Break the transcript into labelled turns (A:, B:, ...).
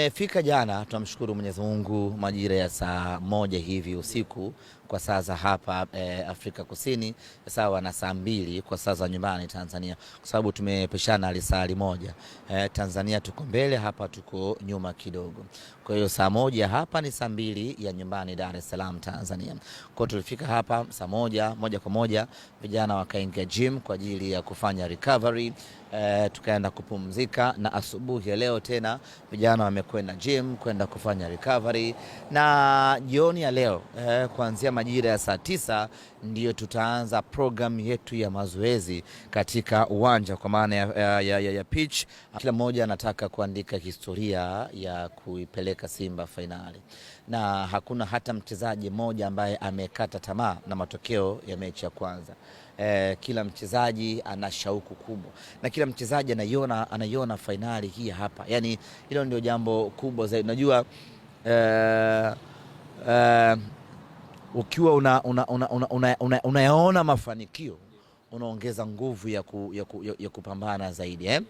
A: Tumefika jana, tunamshukuru Mwenyezi Mungu majira ya saa moja hivi usiku kwa saa za hapa e, Afrika Kusini sawa na saa mbili kwa saa za nyumbani Tanzania, kwa sababu tumepeshana lisali moja e, eh, Tanzania tuko mbele, hapa tuko nyuma kidogo. Kwa hiyo saa moja hapa ni saa mbili ya nyumbani Dar es Salaam Tanzania. Kwa tulifika hapa saa moja moja kwa moja, vijana wakaingia gym kwa ajili ya kufanya recovery e, tukaenda kupumzika na asubuhi ya leo tena vijana wame kwenda gym, kwenda kufanya recovery. Na jioni ya leo eh, kuanzia majira ya saa tisa ndiyo tutaanza program yetu ya mazoezi katika uwanja kwa maana ya, ya, ya, ya pitch. Kila mmoja anataka kuandika historia ya kuipeleka Simba fainali, na hakuna hata mchezaji mmoja ambaye amekata tamaa na matokeo ya mechi ya kwanza. Eh, kila mchezaji ana shauku kubwa na kila mchezaji anaiona anaiona fainali hii hapa, yani hilo ndio jambo kubwa zaidi. unajua eh, eh, ukiwa unayaona una, una, una, una, una mafanikio unaongeza nguvu ya, ku, ya, ku, ya kupambana zaidi eh?